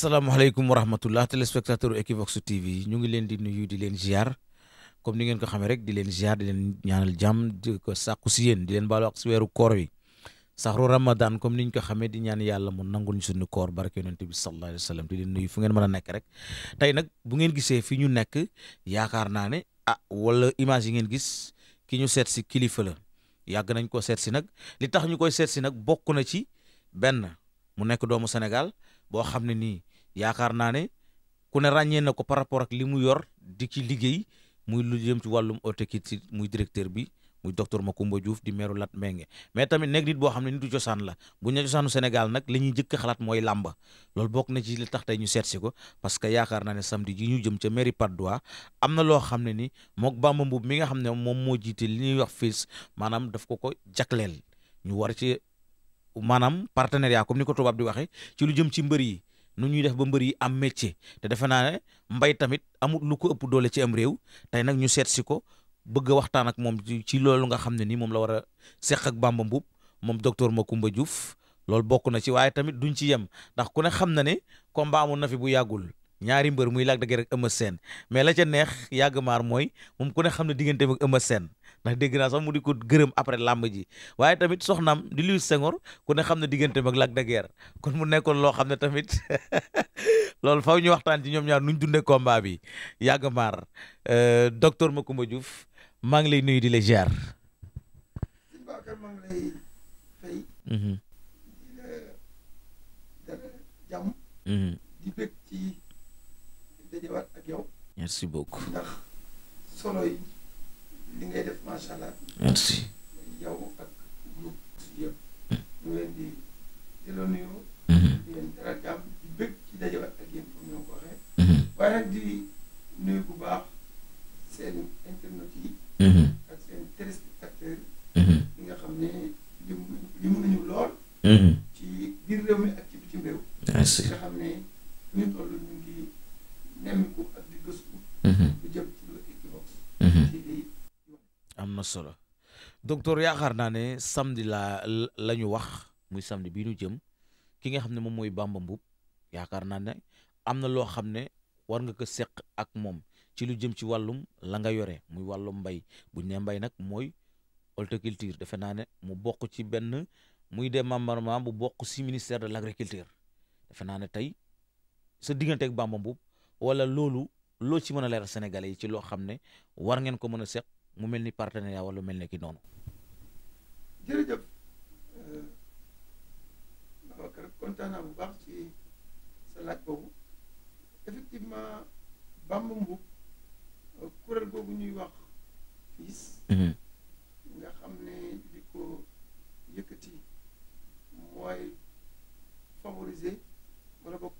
asalaamaaleykum wa rahmatullah téléspectateur Equivox TV ñu ngi leen di nuyu di leen ziar comme ni ngeen ko xamee rek di leen ziar di leen ñaanal jàmm di ko sàkku si yéen di leen baalu ak si weeru koor wi saxru ramadan comme niñ ko xamee di ñaan yàlla mu nangu ñu suñu koor barke yonente bi sallallahu alayhi wa sallam di leen nuyu fu ngeen mën nekk rek tey nag bu ngeen gisee fi ñu nekk yaakaar naa ne ah wala image yi ngeen gis ki ñu seet si kilifa la yàgg nañ ko seet si nag li tax ñu koy seet si nag bokk na ci benn mu nekk doomu Sénégal boo xam ne nii yaakaar naa ne ku ne ràññee na ko par rapport ak li mu yor di ki liggéey muy lu jëm ci wàllum autokit muy directeur bi muy ma Macoumba Diouf di meeru Lat Menge mais tamit nekk nit boo xam ne du cosaan la bu ñu cosaanu Sénégal nag li ñuy jëkk xalaat mooy lamba loolu bokk na ci li tax tey ñu seet si ko parce que yaakaar naa ne samedi ji ñu jëm ca mairie Patte d'Oie am na loo xam ne ni mook Bamba Mbuub mi nga xam ne moom moo jiite li ñuy wax FILS maanaam daf ko ko jagleel ñu war ci maanaam partenariat comme ni ko tubaab di waxee ci lu jëm ci mbër yi nu ñuy def ba mbër yi am métier te defe naa ne mbay tamit amul lu ko ëpp doole ci am réew tey nag ñu seet si ko bëgg waxtaan ak moom ci loolu nga xam ne nii moom la war a seq ak Bamba Mbuub moom docteur Macoumba Diouf loolu bokk na ci waaye tamit duñ ci yem ndax ku ne xam na ne combat amoon na fi bu yàggul ñaari mbër muy Lac de Guiers ak Eumeu Sène mais la ca neex yàgg maar mooy moom ku ne xam ne diggante ak Eumeu Sène ndax dégg naa sax mu di ko gërëm après làmb ji waaye tamit soxnaam di Louis Senghor ku ne xam ne diggante mag Lac de kon mu nekkoon loo xam ne tamit loolu faw ñu waxtaan ci ñoom ñaar nuñ dundee combat bi yàgg maar euh, docteur Macoumba Diouf maa ngi lay nuyu di la ziar. Mhm. di mhm. bëgg ci dajewaat ak yow. merci beaucoup li ngay def macha allah. merci. yow ak groupe yëpp. Hmm. ñu leen di delloo nuyoo. Hmm. di leen dara jàmm di bëgg ci dajewaat ak yéen comme ñoo ko waxee. Hmm. waaye di nuyu bu baax seen internet yi. docteur yaakaar naa ne samedi la ñu wax muy samedi bii ñu jëm ki nga xam ne moom mooy Bamba Mbuub yaakaar naa ne am na loo xam ne war nga ko seq ak moom ci lu jëm ci wàllum la nga yore muy wàllum mbay bu ñu nee mbay nag mooy horticulture defe naa ne mu bokk ci benn muy démembrement bu bokk si ministère de l' agriculture defe naa ne tey sa diggante ak Bamba Mbuub wala loolu loo ci mën a leeral Sénégalais yi ci loo xam ne war ngeen ko mën a seq mu mel ni partenariat wala mel ne kii noonu. jërëjëf euh, Babacar kontaan naa bu baax ci sa laaj boobu effectivement Bamba Mbuub euh, kuréel googu ñuy wax fiis mhm. nga xam ne di ko yëkkati mooy favoriser wala boog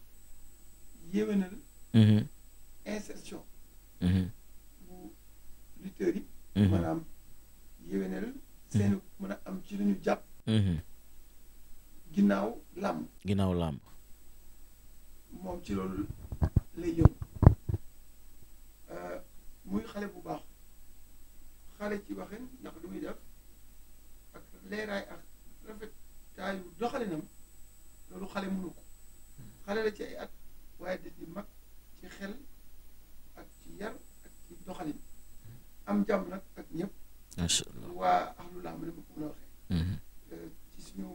yéwénal mhm. insertion mhm. bu lutteurs yi Mm-hmm. maanaam yéwénal seenu mm-hmm. mën a am ci lu ñu jàpp mm-hmm. ginnaaw làmb ginnaaw làmb moom ci loolu lay yëngu euh, muy xale bu baax xale ci waxin ndax lu def ak leeraay ak rafetaayu doxalinam loolu xale mënu xale la ci at waaye da di mag ci xel ak ci yar ak ci doxalin am jàmm nag ak ñëpp. macha allah waa ahlu lamb ni ma ko mën a waxee. Mhm. Euh, ci suñu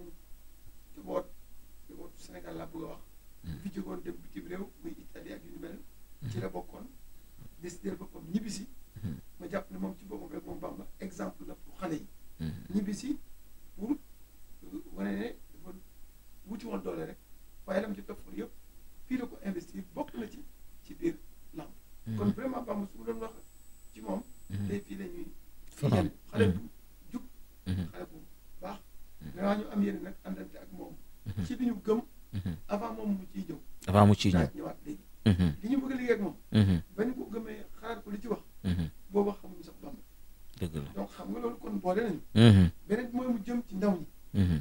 njaboot njabootu Sénégal laa bëgg wax. Mhm. fi jógoon dem bitim réew muy Italie ak yu ñu mel. Mhm. ci la bokkoon décidé boppam ñibbisi. ma jàpp ne moom ci boppam rek moom Bamba exemple la pour xale yi. ñibbisi pour euh, wane ne dafa wuti doole rek waaye lam ci toppoon yëpp fii la ko investir bokk la ci ci biir lamb kon vraiment Bamba su ma doon wax. te fii la ñuy. fanaan xale bu mmh. jub. Mmh. xale bu baax. Mmh. dinaa ñu am yéen nag àndante ak moom. ci li ñu gëm. avant moom mu ciy jëw. avant mu ci ñëw ñëwaat léegi. li ñu bëgg a liggéey ak moom. ba ñu ko gëmee xalaat ko li ci wax. boobu xamuñu sax bamb. dëgg la donc xam nga loolu kon boole nañu. beneen bi mooy mu jëm ci ndaw ñi.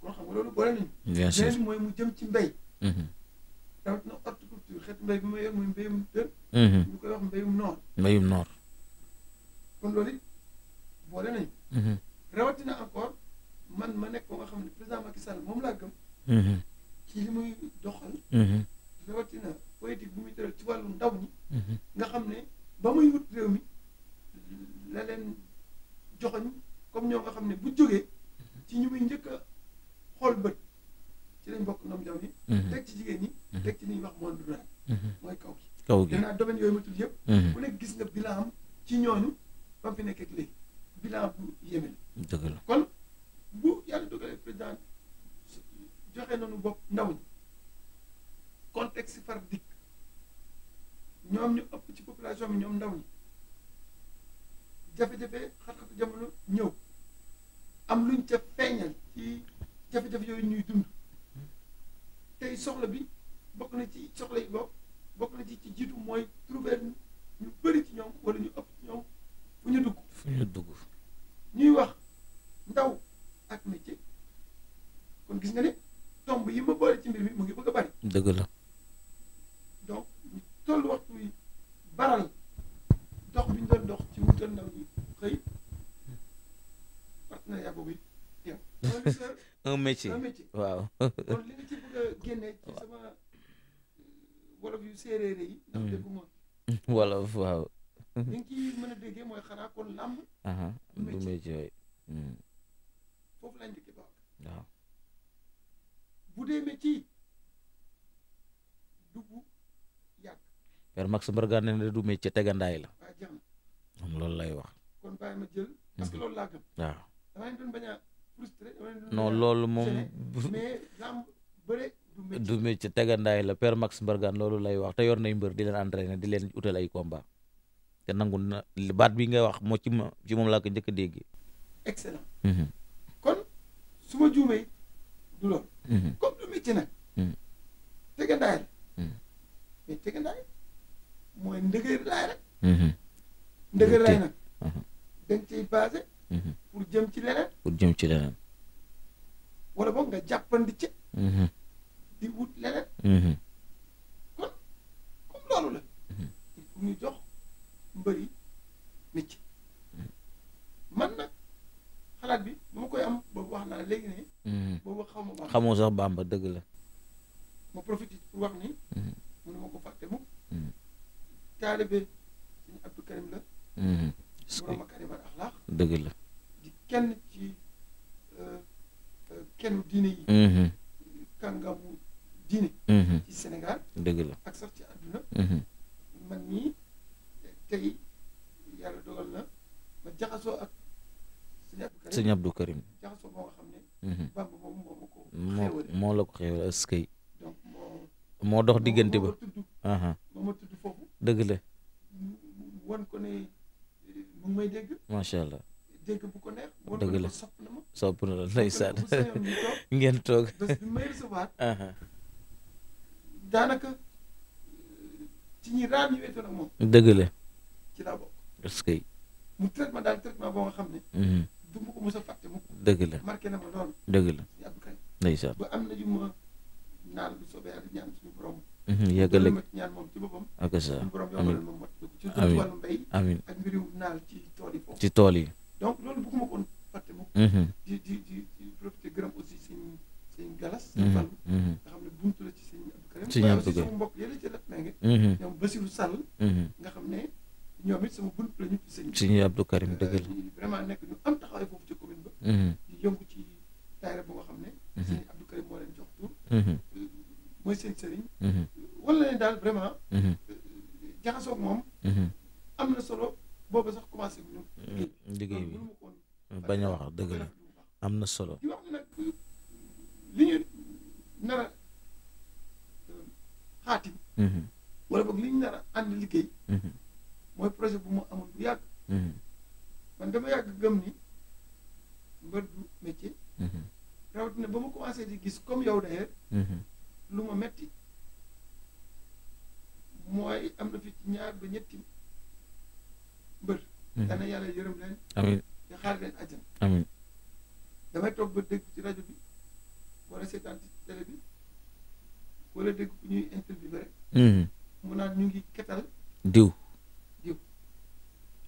kon xam nga loolu boole nañu. bien sûr yéeme na. la kon bu yàlla dogalee président joxe nañu bopp ndaw ñi contexte far dikk ñoom ñu ëpp ci population bi ñoom ndaw ñi jafe-jafe xat-xatu jamono ñëw am luñ ca feeñal ci jafe-jafe yooyu ñuy dund tey soxla bi bokk na ci soxla yi bopp bokk na ci ci jiitu mooy trouver ñu bëri ci ñoom wala ñu ëpp ci ñoom fu ñu dugg fu ñu dugg ñuy wax ndaw ak métier kon gis nga ne tomb yi ma boole ci mbir mi mu ngi bëgg a bari. dëgg la donc ñu toll waxtu baral dox bi ñu doon dox ci wutal ndaw ñi xëy partenariat boobu it teew. un métier waaw. kon li nga ci bëgg a génnee ci sama euh, wolof yu séeréer yi. Mm. ndax déggu ma wolof waaw. Mhm. li nga ciy mën déggee mooy xanaa kon làmb. du métier hmm. foofu lañ dee métier du bu yàgg. Père Max Mbargane ne du métier tegandaay la. moom loolu lay wax. kon bàyyi parce que mhm. loolu laa gëm. waaw dama leen doon bañ a frustré. non loolu moom. mais làmb bëre. du métier tegandaay la Père Max Mbargane loolu lay wax te yor nay mbër di leen na di leen utal ay komba te nangu na baat bi nga wax moo ci ma ci moom laa ko njëkk a déggee. excellent. Mm-hmm. kon su ma juumee du loolu. Mm-hmm. comme du métier nag. Mm-hmm. tegandaay la. mais tegandaay mooy ndëgër laay rek. ndëgër laay nag. dañ cay basé. pour jëm ci leneen. pour jëm ci leneen. wala boog nga jàppandi ci. di wut leneen. kon comme loolu la. il faut jox. mbëri métier man nag xalaat bi bu ma koy am boobu wax naa léegi ne mm-hmm. boobu xaw ma xamoo sax bàmba dëgg la ma profité pour wax ni mënu mm-hmm. ma ko fàtte mukk mm-hmm. taalibe suñu Abdou Karim la borom Karimal Axlaax dëgg la di kenn ci euh, euh, kenn diine yi kàngamu diine ci Sénégal dëgg la ak sax ci àdduna sëñ Abdou Karim moo mhm. moo la ko xéewal askay moo dox diggante ba aha dëgg la macha allah dëgg la sopp na la ndeysaan ngeen toog aha daanaka ci ñi raar ñu dëgg la askay mu traitement xam du ma ko mos a fàtte mu dëgg la marqué na ma lool dëgg la yàgg kay ndeysaan ba am na yu ma naan bu soobee mhm, ak ñaan ma mot ci wàllu mbéy amin ak mbiri naal ci tool yi foofu ci tool yi donc loolu bu ma koon fàtte mu mhm. di di di galas sëñ Fallu nga nga xam ne bunt la ci sëñ sëñ mhm. dëgg la euh,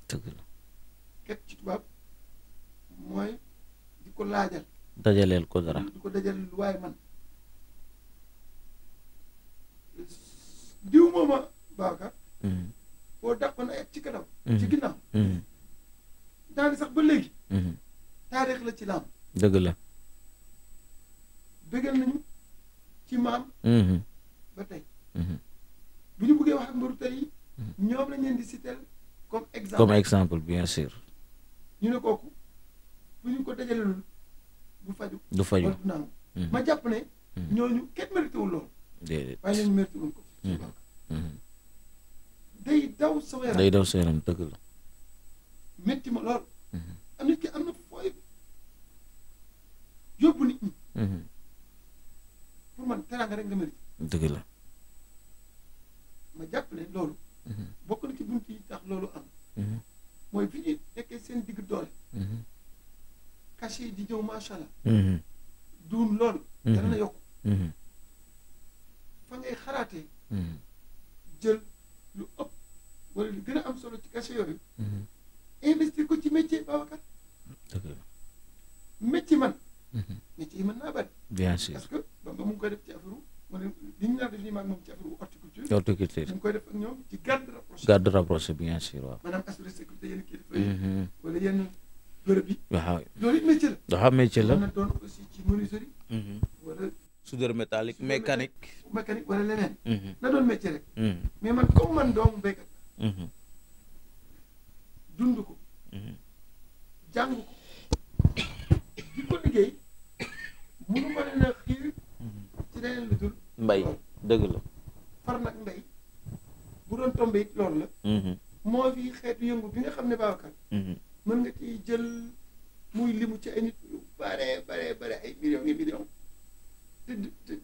dëgg la ket ci tubaab mooy di ko laajal. dajaleel ko dara di ko dajaleel lu waaye man diw mooma baaka hmm. boo dàqoon ay at ci kanam hmm. ci ginnaaw hmm. daani sax ba léegi taarix la ci laam dëgg la bëggal nañu ci maam ba tey bu ñu bëggee wax ak mbaru tey ñoom lañ leen di siteel comme exemple exemple bien sûr. ñu ne kooku bu ñu ko dajaleelul du faju du faju mhm. ma jàpp ne. Mhm. ñooñu kenn mérité wul loolu. déedéet waaye ñooñu ko. Mhm. day daw sa yaram day daw sa dëgg la. métti ma lool. am nit ki am na fooy yóbbu nit ñi. pour man teraanga rek nga mérité. dëgg la. ma jàpp ne loolu. Mm-hmm. bokk na ci bunt yi tax loolu am mm-hmm. mooy fi ñuy nekkee seen digg doole mm-hmm. cachet di jëw macha duun lool dana na yokk fa ngay xalaatee jël lu ëpp walla lu gën a am solo ci cachet yooyu investir ko ci métier Babacar métier man métier yi mën naa bari bien sûr parce que ba nga mu ngi koy def ci afru ma ne li ñu naan def nii koy def ak ñoom ci garde rapproché. garde rapproché bien sûr waaw. maanaam assuré sécurité yenn kilifa yi. Mm-hmm. wala yenn bërëb yi. waaw loolu it métier mm-hmm. leneen. Mm-hmm. na doon métier rek. mais man comme man doomu béykat. dund ko. jàng ko. di ko liggéey. mënu ma leen a xiir ci leneen lu dul. mbay dëgg la. far nag mbay bu doon tombé it loolu la. Mhm. moo fi xeetu yëngu bi nga xam ne Babacar. Mhm. mën nga ciy jël muy limu ci ay nit yu bare bare bare ay millions yi millions te te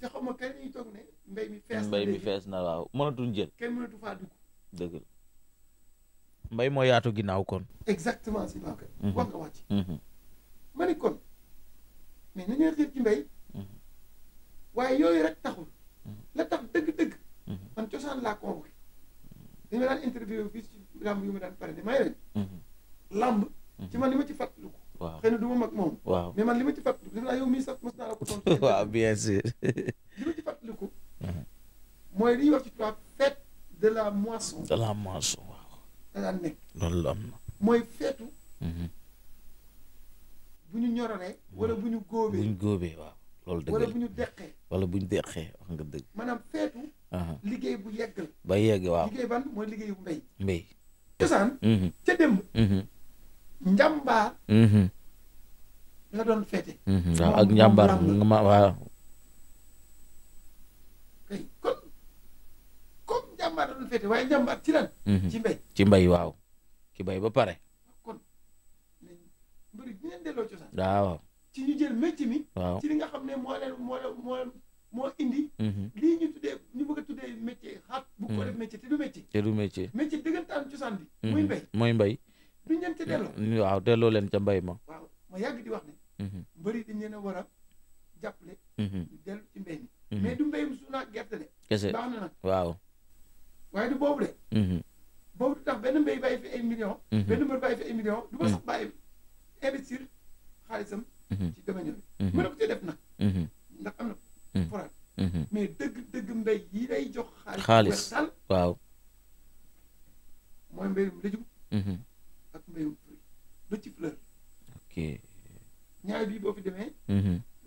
te xam nga kañ la ne mbay mi fees na mbay mi fees na waaw mënatuñ jël. kenn mënatu faa dugg. dëgg la. mbay moo yaatu ginnaaw kon. exactement si Babacar. Mhm. wax nga wàcc. ma ne kon mais nañoo xeet ci mbay. waaye yooyu rek taxul mm-hmm. la tax dëgg-dëgg mm-hmm. man cosaan laa convoqué dañu ma daan interview fii ci làmb yu ma daan pare ne may rek mm-hmm. làmb ci man li ma ci fàttaliku waaw xëy na du mag moom waaw mais man li ma ci fàttaliku def naa yow mii ko tontu waaw li ma ci fàttaliku mooy li ñuy wax ci tubaab fête de la moisson de la moisson waaw da daan nekk loolu am na mooy feetu bu ñu ñororee wala bu ñu góobee bu ñu góobee waaw loolu dëgg wala bu ñu deqee. wala bu ñu deqee wax nga dëgg. maanaam feetu. liggéey bu yeggal. ba yegg waaw liggéey ban mooy liggéeyu mbéy. mbéy. cosaan. Mhm. ca démb. njàmbaar. la doon feete. waaye njàmbaar ci lan. Mhm. ci mbéy ci mbéy waaw. ki bay ba pare. kon mbir waaw. ci ñu jël métti mi. waaw ci li nga xam ne moo leen moo leen moo moo indi. Mhm. lii ñu tuddee ñu bëgg a tuddee métier xaat. bu de mhm. def métier te du métier. te du métier métier dëggantaan cosaan bi. Mhm. muy mbéy mooy mbay duñ leen ca delloo. waaw delloo leen ca mbay ma. waaw ma yàgg di wax ne. mbëri dañ leen a war a jàppale. ñu dellu ci mbéy mi. mais du mbéyum suuna ak gerte de. kese baax na nag waaw. waaye du boobu de. boobu du tax benn mbay bàyyi fi ay million benn mbër bàyyi fi ay millions. du ma sax bàyyi investir xaalisam. Mhm. ci domaine yooyu mhm. mën na ko cee def nag mhm. ndax am na foraat mais dëgg dëgg mbéy yi day jox xaalis daal waaw mooy mbéyum lëjum ak mbéyum fruit lu ci fleur ok ñaay bii boo fi demee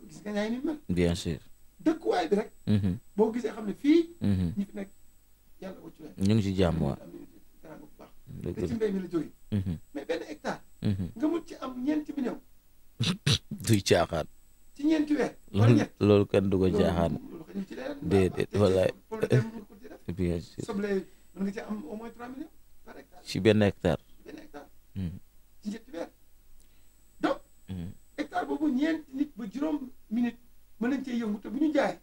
gis nga ñaay ni mel bien sûr dëkkuwaay bi rek boo gisee xam ne fii ñi fi nekk yàlla waccu la ñu ngi ci jàmm waa dëgg la ci mbéy mi la jógee mais benn hectare nga mut ci am ñeenti million duy caaxaan. ci ñeenti weer mhm. loolu loolu kan du ko caaxaan déedéet wallaay bien sûr ci benn hectare. ci mhm. ñetti weer donc. Mhm. hectare boobu ñeenti nit ba juróom minute mën nañ cee yëngu te bu ñu jaay.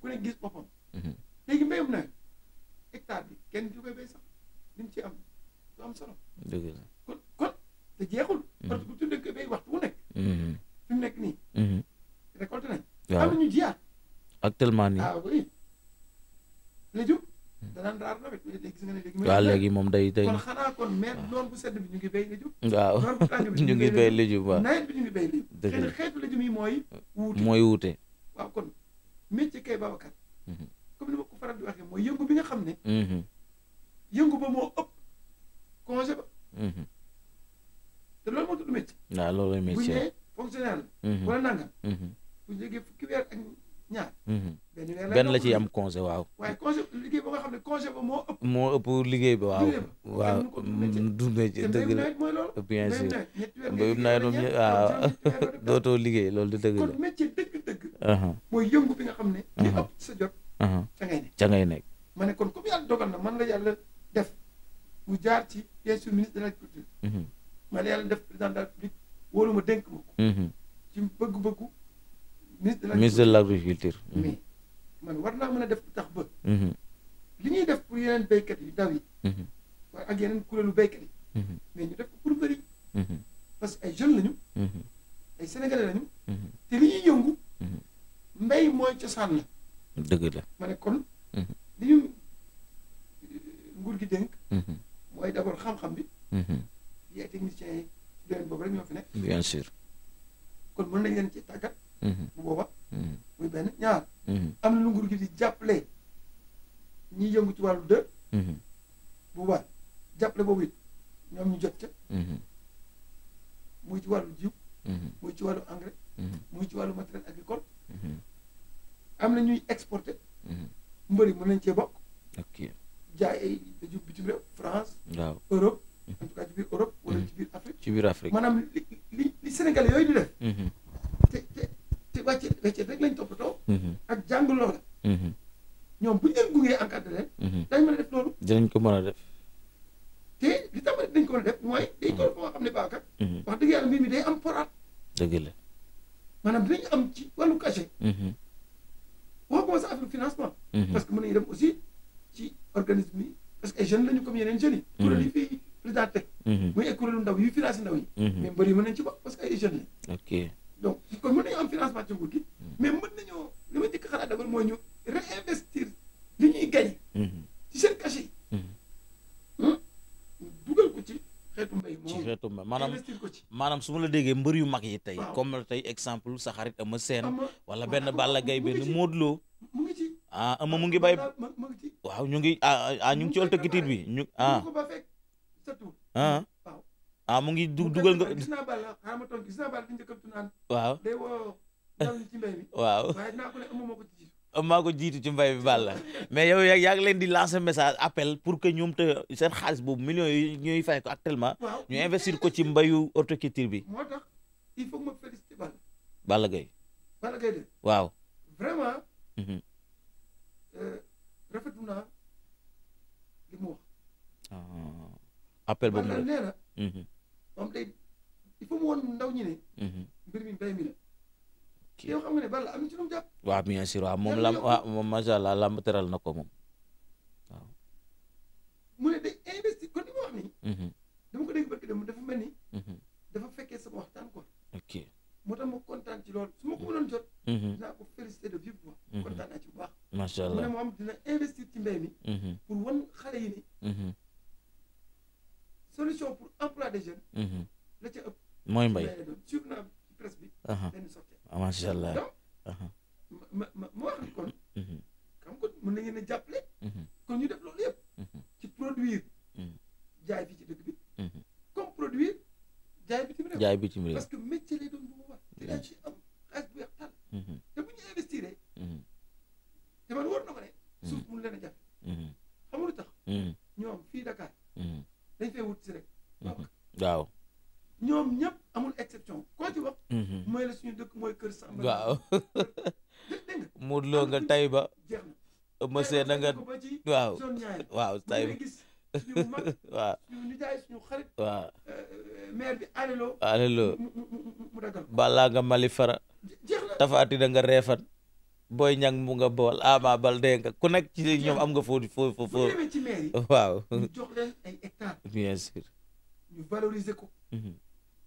ku ne gis boppam. léegi mbéyum nawet hectare bi kenn du koy béy sax li mu ci am du am solo. dëgg la fi mu nekk nii. Mhm. récolté nañ. waaw na ñu jiyaat. actuellement nii ah oui. léegi danaan raar nawet ne léegi. waaw léegi moom day day kon xanaa kon mais noonu bu sedd bi ñu ngi béy léjum. waaw ñu ngi béy ñu ngi béy léjum. la xeetu léjum mooy. wuute mooy wuute. waaw kon métier kay Babacar. Mhm. comme ni ma ko faral di waxee mooy yëngu bi nga xam ne. Mhm. yëngu ba moo ëpp congé ba. te loolu moo tudd métier. waaw loolu métier bu ñu nee fonctionnaire la. Mhm. wala nangam. Mhm. bu ñu liggéey fukki weer ak ñaar. Mhm. benn la ci la ciy am congé waaw. waaye congé xam ne congé ba moo ëpp. moo ëpp liggéey ba waaw. waaw dundee ci dëgg la bien sûr mbéyum nawet moom liggéey loolu di dëgg la. kon métier dëgg-dëgg. Uh-huh. mooy yëngu bi nga xam ne. li uh-huh. ëpp sa jot. Uh-huh. ca ngay nekk ca ngay nekk. ma ne kon comme yàlla dogal na man la yàlla def mu jaar ci pièce ministre de l'agriculture. Mm-hmm. man yàlla def président de la République ma dénk ma ko. Mhm. ci bëgg-bëggu. ministre de la agriculture mhm. mais man war naa mën a def lu tax ba. Mhm. li ñuy def pour yeneen béykat yu ndaw yi. waaye ak yeneen kuréelu béykat yi. mais ñu def ko pour bëri. parce que ay jeunes lañu. ay sénégalais lañu. te li ñuy yëngu. mbéy mooy cosaan la. dëgg la ma li ñu euh, nguur gi dénk. mooy d' xam-xam bi. yee techniciens yi domaine boobu rek ñoo fi nekk. bien kon mën nañ leen ci tàggat. Mm-hmm. bu booba. Mm-hmm. muy benn ñaar. Mm-hmm. am na lu nguur gi di jàppale ñiy yëngu ci wàllu dër. bu boobaa jàppale boobu it ñoom ñu jot ca. muy ci wàllu jiw. muy ci wàllu engrais. muy ci wàllu matériel agricole. am na ñuy exporter. mbëri mën nañ cee bokk. ok jaay ay bitim réew France. Europe. en tout biir Europe. ci biir Afrique maanaam li li Sénégal yooyu di def. Mm-hmm. te te te wàcce wàcce rek lañ toppatoo. Mm-hmm. ak jàng loola. Mm-hmm. ñoom bu ñu leen gungee encadré dañ mën a def loolu. dinañ ko mën a def. te li tax dañ ko mën a def mooy. day toll foo xam ne baakat. wax dëgg yàlla mbir mi day am poraat. dëgg la. maanaam dinañ am ci wàllu cachet. waxuma sa affaire financement. parce que mën nañu dem aussi ci organisme yi parce que ay jeunes lañu comme yeneen jeunes yi. kuréel yi fii. président teg. muy ay kuréelu ndaw yuy financé ndaw yi. Mhm. mais mbër yi mën nañ ci bokk parce que ay jeunes lañ. ok donc kon mën nañoo am financement ci nguur gi. Mhm. mais mën nañoo li ma njëkk a xalaat d'abord mooy ñu réinvestir li ñuy gagné. Mhm. ci seen cachet. Hmm? dugal ko ci xeetu mbay. ci xeetu mbay maanaam maanaam su ma la déggee mbër yu mag yi tey. comme tey exemple sa xarit Ama Sène. wala benn Balla gay benn Modou Lo. mu ngi ah Ama mu ngi bay. waaw ñu ngi ah, ah, ah ñu ngi ci ëllëg tiit bi ñu ah ah mu ngi du dugal nga. Ah, waaw. waaw. maa ko jiitu ci mbay bi Balla mais yow yaa ngi leen di lance message appel pour que ñoom te seen xaalis boobu millions yi ñuy fay ko actuellement. ñu investir ko ci mbayu horticulture bi. moo tax il ma féliciter Balla. Balla waaw. vraiment. Mhm. Euh, rafetlu naa appel boobu nag nee na mhm. moom day il faut mu woon ndaw ñi ne mhm. mbir mi mbay mi la yow xam nga ne Balla am na ci lu mu jàpp waaw bien sûr waaw allah lamb teral na ko moom waaw mu ne day investir ko li ma wax nii mhm. dama ko dégg barki dem dafa mel ni dafa fekkee sa waxtaan quoi ok moo tax ma kontaan ci loolu su ma ko mënoon jot ko féliciter de vive voix kontaan naa ci bu baax macha allah mu ne dina investir ci mbay mi pour wan xale yi solution pour emploi des jeunes. Mhm. la ca ëpp. mooy mbay suivre naa presse bi. dañu ah, allah donc ma ma ma wax kon. Mhm. xam nga mën nañu ne jàppale. Mhm. kon ñu def loolu yëpp. ci produire. jaay fii ci dëkk bi. comme produire jaay bitim réew. jaay bitim parce que me lay doon bu wax. waaw ñoom ñëpp amul exception koo ci wax. Mhm. suñu dëkk mooy kër Samba. waaw nga. tay ba. jeex na monsieur nga waaw waaw tay ba. suñu mag waaw waaw euh, balaa nga mali fara. jeex nga reefan. booy ñang mu nga bool ama bal dee nga ku nekk ci ñoom am nga foo foo foo. waaw. valoriser ko.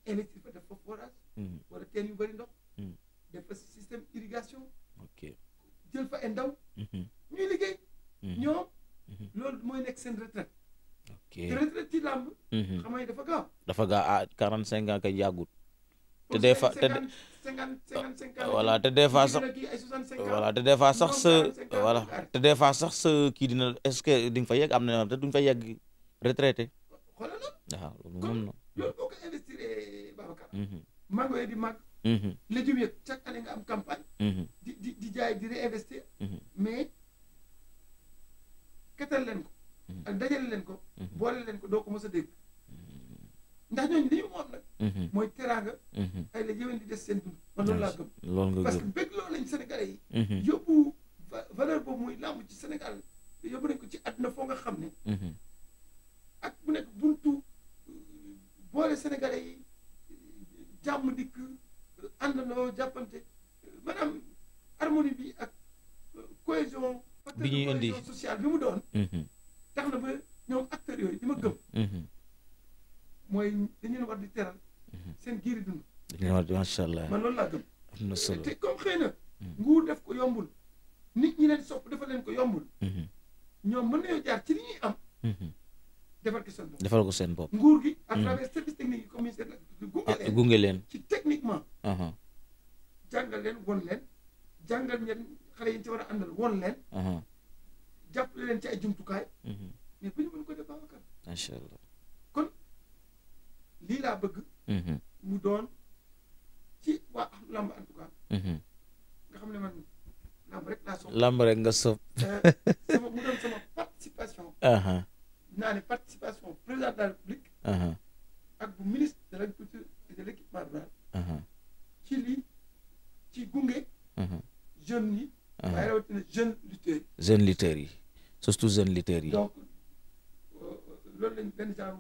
investir mhm. fa def fa forage. Mhm. wala teen yu ndox. Mhm. def système irrigation. ok jël fa ay ñuy liggéey. ñoom. loolu mooy nekk seen retraite. ok te retraite ci làmb. dafa gaaw. dafa gaaw à ah, quarante cinq ans kay yàggut. te des fois te voilà te des fois sax voilà te des fois sax sa voilà te des fois sax sa kii dina est-ce que di nga fa yegg am na te duñ fa yegg retraité. xoolal na. Ah, waaw loolu moom la loolu boo ko investir eh, Babacar. Mhm. mango yi di màgg. Mhm. légumes yeeg chaque année nga am campagne. Mhm. di di di jaay di réinvestir. mais ketal leen ko. ak dajale leen ko. boole leen ko doo ko mos a dégg. ndax ñooñu li ñu moom nag. mooy teraanga. ay la yéwén di des seen dund. man loolu laa gëm. loolu nga gëm parce que bëgg loolu lañ Sénégalais yi. yóbbu valeur boobu muy làmb ci Sénégal yóbbu nañ ko ci àdduna foo nga xam ne. ak bu nekk buntu boole sénégalais yi jàmm dikk àndandoo jàppante maanaam harmonie bi ak euh, cohésion bi ñuy indi sociale bi mu doon mm-hmm. tax na ba ñoom acteurs yooyu li ma gëm mm-hmm. mooy dañu war di teral mm-hmm. seen giir dund dañu di macha allah man loolu laa gëm na solo te comme xëy na nguur def ko yombul nit ñi leen sopp dafa leen ko yombul ñoom mën nañoo jaar ci li ñuy am defal ko seen bopp defal ko seen bopp. nguur gi. à mm. travers service technique yi comme ministère de gunge leen ci techniquement. Uh-huh. jàngal leen won leen jàngal ngeen xale yi ci war a àndal leen. Uh-huh. jàppale leen ci ay jumtukaay. Mm-hmm. mais bu ñu mën ko def Babacar. macha allah kon lii laa bëgg. Mm-hmm. mu doon ci waa lamb en tout cas. Mm-hmm. nga xam ne man lamb rek nga sopp. Euh, sama mu doon sama participation. Uh-huh. naa ne participation président de la république uh-huh. ak bu ministre de l' agriculture et de l' équipement rural uh-huh. ci lii ci gunge uh-huh. jeunes yi waaye rawatina jeune lutteurs yi jeune lutteurs yi surtout jeune lutteurs yi donc euh, euh, loolu lañ benn genre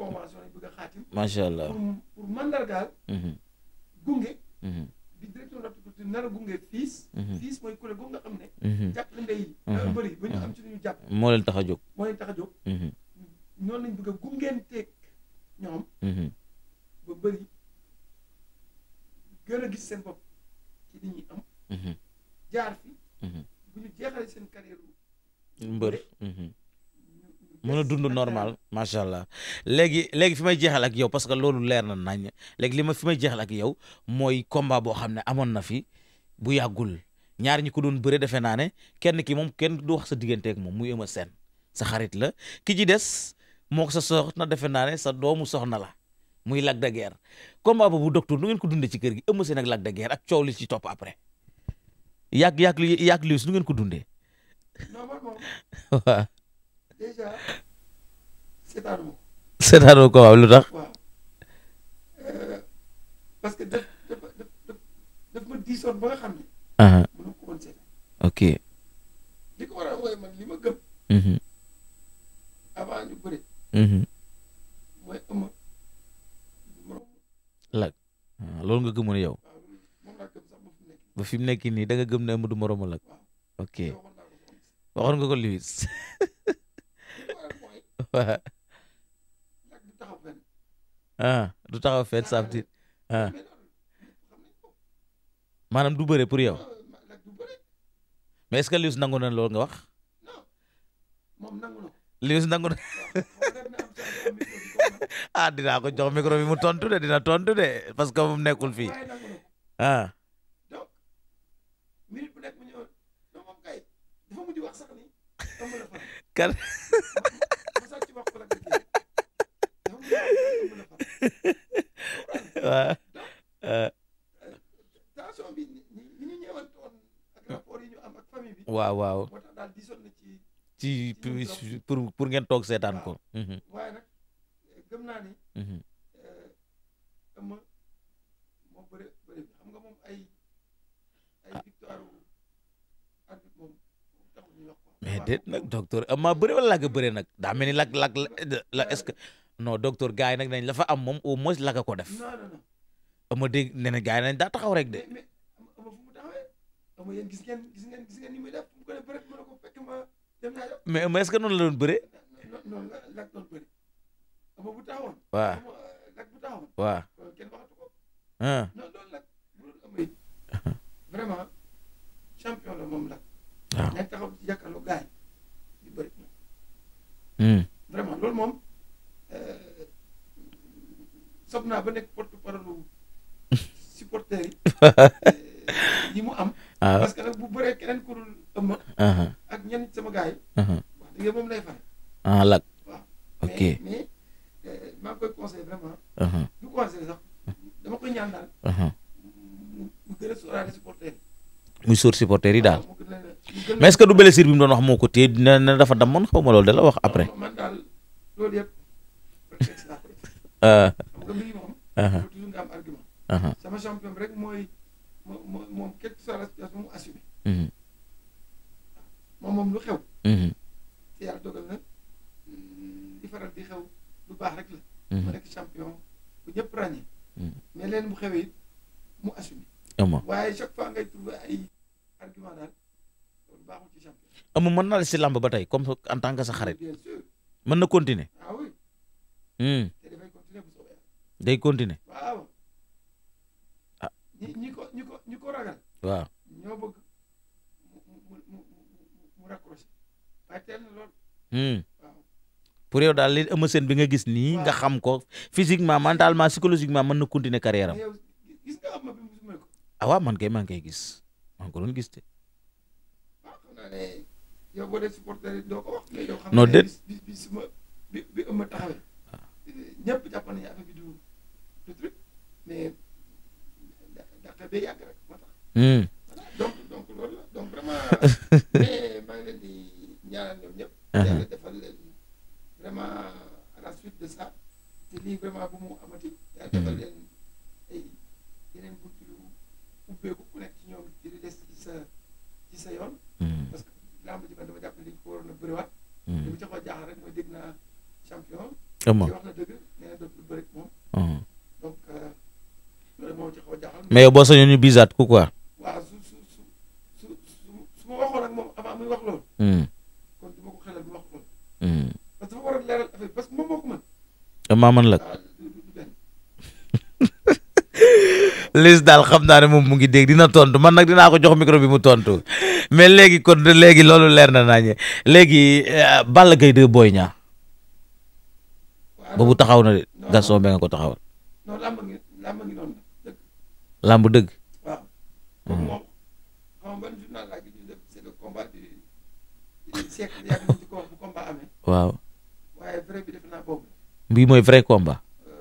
convention lañ bëgg a xaatim macha allah pour pour mandargaal gunge bi direction de l'horticulture nar a gunge mhm. fiis mooy kuréel googu nga xam ne mhm. jàppale ndey yi mhm. dafa bëri ba ñu am ci lu ñu jàpp moo leen tax a jóg moo leen tax a jóg noonu lañ bëgg a gungeenteeg ñoom ba bëri gën a gis seen bopp ci li ñuy am jaar fi bu ñu jeexale seen carrière mbër mën a dund normal macha allah léegi léegi fi may jeexal ak yow parce que loolu leer na nañ léegi li ma fi may jeexal ak yow mooy combat boo xam ne amoon na fi bu yàggul ñaar ñi ko doon bëre defe naa ne kenn kii moom kenn du wax sa diggante ak moom muy Eumeu seen sa xarit la ki ci des moo ko sa soxna defe naa ne sa doomu soxna la muy lag de Guiers combat boobu docteur nu ngeen ko dundee ci kër gi Eumeu Sène ak Lac de ak coow li ci topp après yàgg yàgg yàgg liis nu ngeen ko dundee. déjà ko. seetaanu ko tax. waaw euh, parce que daf dafa daf daf ma diisoon ba nga xam ne. Uh-huh. gëm. Mm-hmm. avant mm-hmm. ah, yow. ba fi mu nekk nii da nga gëm ne ëmb du moromu lag ok waxoon nga ko Lewis. waaw. ah du taxaw fenn ça ah maanaam du bëre pour yow mais est nangu na loolu nga wax. Liss nangu na ah dinaa jox micro bi mu tontu de dina tontu de parce que mu nekkul fii ah. kan. waaw waaw waaw ci pour ngeen toog seetaan ko mhm. waaye nag mhm. eh, nga moom ay ay ah. nag docteur ëmma bëri wala làgg bëri nag daa ni làgg làgg la est non docteur gars yi nag nañ la fa am moom au moins la ko def. ama dégg nee na gars yi nañ daa taxaw rek de. mais gis ngeen gis ngeen gis ngeen ni muy def bu ko def mais mais est-ce que noonu la doon bëree. noonu la la doon bëree. ama bu taxawoon. waaw euh, lak bu taxawoon. waaw euh, kenn ko. Ah. non loolu lak vraiment champion la ah. taxaw ci hmm. vraiment loolu moom. Euh, sob naa ba nekk porte parole supporter yi. yi mu am. Ah. parce que nag bu bëree keneen ku dul ëmma. Ah. ak ñenn sama gars yi. Ah. wax moom lay faral. ah lag ok euh, maa koy conseillé vraiment. du conseillé a sóoraale supporter yi. muy sóor supporter yi daal. mais est-ce que du blessure bi mu doon wax moo ko téye dina ne dafa damoon xaw ma loolu de la wax après. loolu yëpp. ah. ah. ah. sama champion rek mooy moom moom quelle que soit la situation mu assumé. Mm-hmm. Ah, moom moom lu xew. Mm-hmm. te yàlla dogal mm, lu baax rek la. Mm-hmm. mu nekk champion bu ñëpp ràññee. mais leen bu mu assumé. waaye chaque fois ngay trouvé ay argument daal loolu baaxul ci champion. amul mën naa la si làmb ba tey comme en tant que sa xarit. mën na continuer. Ah Hmm. te dafay continuer bu soobee day continuer waaw ah ñi ñi ko ñi ko ñi ko ragal waaw ñoo bëgg mu mu mu raccroché waaye teel na lool hmm. waaw pour yow daal li Eumeu Sène bi nga gis nii nga xam ko physiquement mentalement psychologiquement mën na continuer carrière am gis nga am ma bi mu sumee ko ah waaw man kay maa ngi koy gis maa ngi ko doon gis te ah, yow boo dee supporter doo ko wax non déet bi bi bi Eumeu taxawee ñëpp jàpp nañu affaire bi du du truc mais ndaxte day yàgg rek moo tax. Hmm. donc donc loolu la donc vraiment mais maa ngi leen di ñaanal ñoom ñëpp. Uh-huh. yàlla defal leen vraiment à la suite de ça te lii vraiment bu amati. ma yow boo sañoon ñu bisaat ku quoi. waaw su su su hmm. ko xelal hmm. wax la. Ah, Liss daal xam naa ne moom mu ngi dégg dina tontu man nag dinaa ko jox micro bi mu tontu mais léegi kon léegi loolu leer na naa ñu léegi euh, Balla Gaye booy Boy Niang boobu taxaw na de Gaston Mbengue nga ko taxawal. làmb dëgg. waaw mhm. waaw. bii mooy vrai combat. Euh,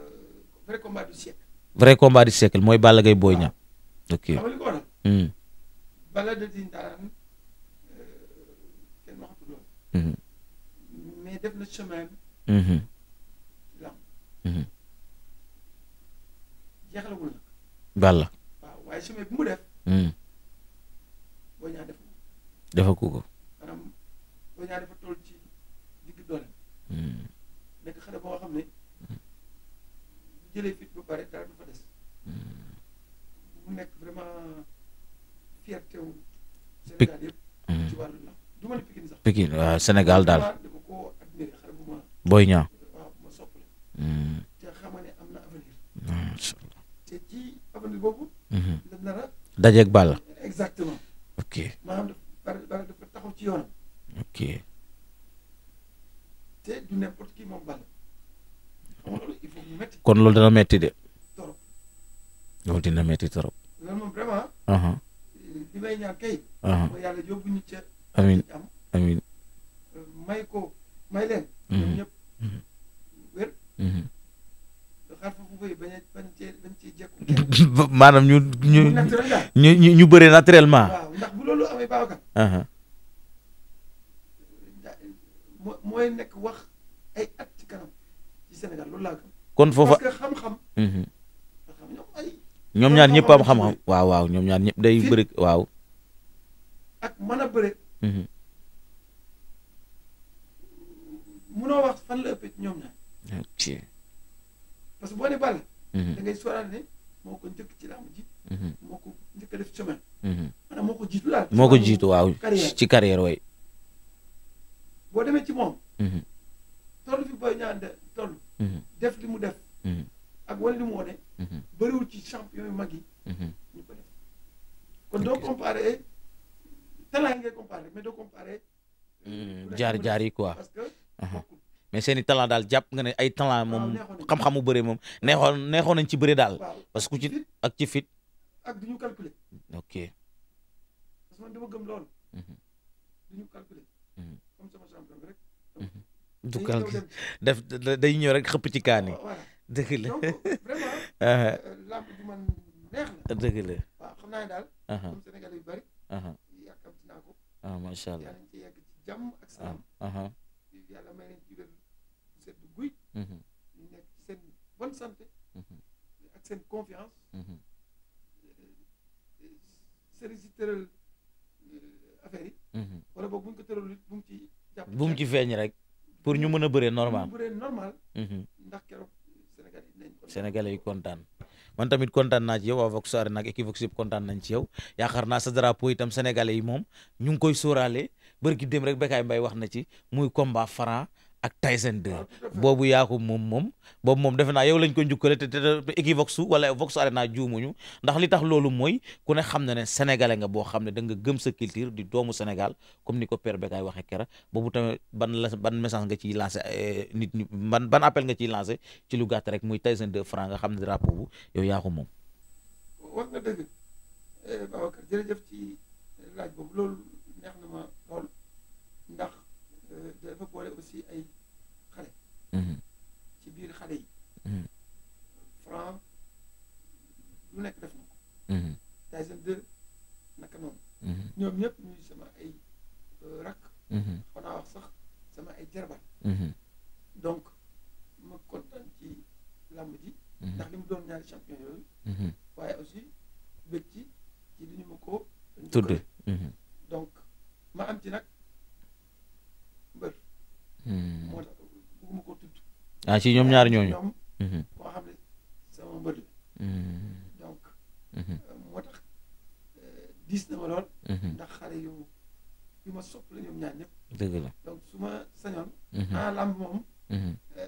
vrai combat du siècle. mooy Balla Gaye Boy ok mhm. euh, mhm. mais def na chemin. jeexalagul Balla. waaw waaye chemin bi mu def. Hmm. boo ñaa def. defa ku ko. maanaam ñaa defa toll ci digg doole. Hmm. nekk boo xam ne bu hmm. mu nekk vraiment fierté wu. yëpp ci wàllu la sax. Pikine waaw daal. bu ma. booy ñaa. tàmbali boobu. Mhm. la dara. dajeeg Balla. exactement. ok ci yoonam. ok. te du n'importe qui moom Balla. xam loolu il faut mu métti. kon loolu dana métti de. trop. loolu dina métti trop. loolu moom uh-huh. may ñaan uh-huh. euh, ko may leen. Mm-hmm. maanaam ñu ñu ñu ñu ñu bëree naturellement. waaw ndax bu loolu amee uh-huh. nekk wax ay ci kanam ci Sénégal loolu kon foofa parce mm-hmm. ñaar ñëpp am xam-xam. waaw waaw ñoom ñaar ñëpp day bëri waaw. mën a bëri. Mm-hmm. munoo wax fan la ñoom parce que boo ne Balla. Mhm. da ngay ne moo ko njëkk ci làmb ji. Mhm. moo ko def chemin. Mhm. moo ko jiitu daal. moo ko jiitu waaw ci carrière way boo demee ci moom. toll fi Boy Niang de def li mu def. ak wane li mu wane. bëriwul ci champion yu mag yi. ñu ko def kon doo comparé talent ngay comparé mais doo comparé. Euh, jaar jaar yi que. Uh-huh. mais seen i talent daal jàpp nga ne ay talent moom ah, xam-xamu bëre moom neexoon neexoon nañ ci bëre daal parce que ku ci ak ci fit ak du ñu calculer ok parce mhm. mhm. mhm. def day ñëw rek xëpp ci kaani dëgg la vraiment lamb ah, ah. euh, bi man neex la Mm-hmm. ñu nekk ci seen bonne santé mm-hmm. ak seen confiance mm-hmm. euh, sëriñ si euh, bu mu ci jàpp bu feeñ rek pour ñu mën a bëree normal bëree normal ndax keroog euh, Sénégal yi kontaan man tamit kontaan naa ci yow waa Vox Arena ak Equivox yëpp kontaan nañ ci yow yaakaar naa sa drapeau itam sénégalais yi moom ñu ngi koy sóoraale bërki dem rek Bécaye mbay wax na ci muy combat franc ak Tyson 2 boobu yaa ko moom moom boobu moom defe naa yow lañ ko njukkale te te Equivox wala Vox Arena juumuñu ndax li tax loolu mooy ku ne xam na ne sénégalais nga boo xam ne da nga gëm sa culture di doomu Sénégal comme ni ko Père Bekaay waxee kera boobu tamit ban la ban message nga ci lancé eh, nit ñi ban ban appel nga ciy lancé ci lu gàtt rek muy Tyson de franc nga xam ne drapeau bu yow yaa ko moom. wax nga dëgg eh, Babacar jërëjëf ci laaj boobu loolu neex na Mhm. ci biir xale yi. Mhm. franc lu nekk def na ko. Mhm. Tyson 2 naka noonu. ñoom ñëpp ñuy sama ay euh, rakk. xanaa wax sax sama ay jarbaat. donc ma kontaan ci làmb ji. ndax li mu doon ñaari champion yooyu. waaye aussi bëgg ci ci li ñu ma ko. tudd donc ma am ci nag mbër. moo tax ah ci ñoom ñaar ñooñu. koo mhm. xam ne sama mbër la. Mhm. donc. Mhm. Euh, moo tax euh, diis na ma lool. ndax xale yu yu ma sopp la ñoom ñaar ñëpp. dëgg la donc su ma sañoon. ah làmb moom. Euh,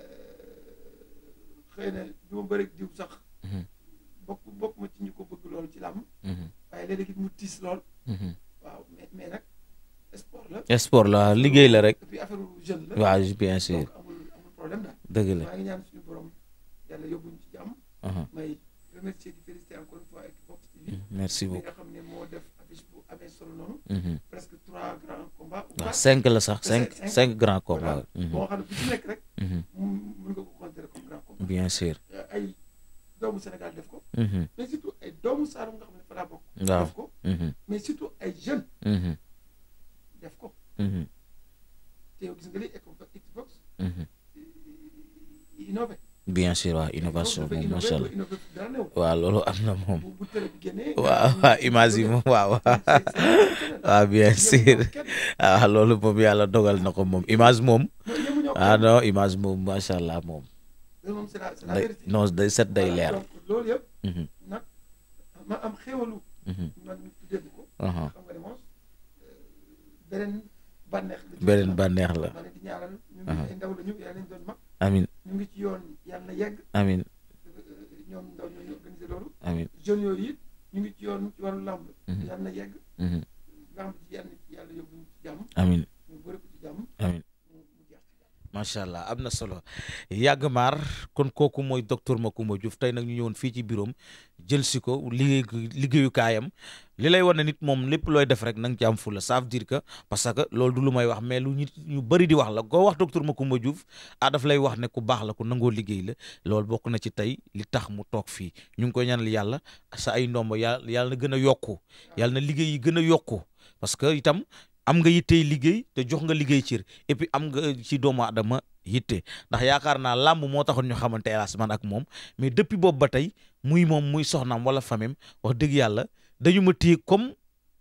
xëy na du ma bëri diw sax. bokk bokk ci ñu ko bëgg lool ci làmb. waaye léeg-léeg mu tiis lool. waaw mais mais nag sport la. sport la liggéey la rek. et puis affaire problème dëgg la maa ngi ñaan suñu borom yàlla yóbbuñ ci jàmm. Uh-huh. may mm-hmm. merci beaucoup nga xam moo def affiche bu amee solo noonu. Mm-hmm. presque trois grands combats. waaw ah, cinq la sax cinq cinq grands combats. Mm-hmm. boo xam ne bu ci nekk rek. mun nga ko considérer comme grand combat. bien sûr euh, ay doomu Sénégal def ko. mais surtout ay doomu Saalum nga xam ne fa bokk. waaw ko bien sûr waaw innovation moom macha allah waaw loolu am na moom waaw waaw image yi moom waaw waaw bien sûr waaw ah, loolu moom yàlla dogal na ko moom image moom ah non image moom macha allah moom day non day set day leer. beneen bànneex la. amin ñu ci yoon yàlla na yegg. amiin ñoom jeunes yooyu yoon ci wàllu làmb. Mhm. yàlla mhm. allah am na solo yàgg maar kon kooku mooy docteur Macoumba Diouf tey nag ñu ñëwoon fii ci bureau am jël si ko liggéey liggéeyukaayam li lay wane nit moom lépp looy def rek na nga ci am fula ça veut dire que parce que loolu du lu may wax mais lu nit ñu bëri di wax la koo wax docteur Macoumba Diouf ah daf lay wax ne ku baax la ku nangoo liggéey loolu bokk na ci tey li tax mu toog fii ñu ngi koy ñaanal yàlla sa ndombo yàlla yàlla gën a yokku yàlla na liggéey yi gën a yokku parce que itam am nga yittey liggéey te jox nga liggéey cir et am nga ci doomu aadama yitte ndax yaakaar naa làmb moo taxoon ñu xamante hélas man ak moom mais depuis boobu ba tey muy moom muy soxnaam wala famem wax dëgg yàlla dañu ma téye comme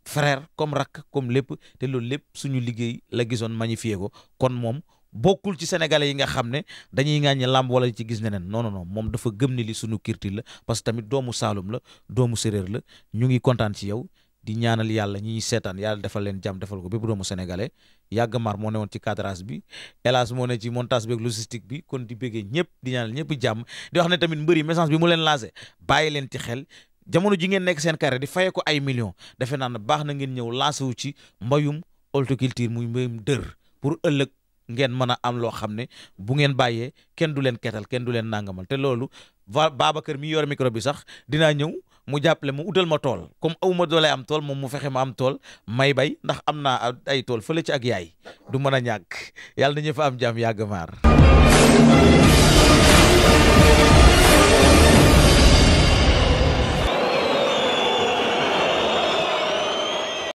frère comme rakk comme lépp te loolu lépp suñu liggéey la gisoon magnifié ko kon moom bokkul ci sénégalais yi nga xam ne dañuy ŋàññi làmb wala ci gis neneen non noonu non moom dafa gëm ni li suñu kirti la parce que tamit doomu Saalum la doomu séréer la ñu ngi kontaan ci yow di ñaanal yàlla ñi ñuy seetaan yàlla defal leen jàmm defal ko bépp doomu sénégalais yàgg mar moo ne woon ci cadrage bi hélas moo ne ci montage beeg logistique bi kon di béggee ñëpp di ñaanal ñëpp jàmm di wax ne tamit mbëri message bi mu leen lancé bàyyi leen ci xel jamono ji ngeen nekk seen kare di fayee ko ay million defe naa ne baax na ngeen ñëw lancé wu ci mbayum horticulture muy mbayum dër pour ëllëg ngeen mën a am loo xam ne bu ngeen bàyyee kenn du leen ketal kenn du leen nangamal te loolu va kër mi yor micro bi sax dinaa ñëw mu jàppale mu utal ma tool comme aw ma doole am tool moom mu fexe ma am tool may bay ndax am naa ay tool fële ci ak yaay du mën a ñàkk yàlla na ñu fa am jàmm yàgg maar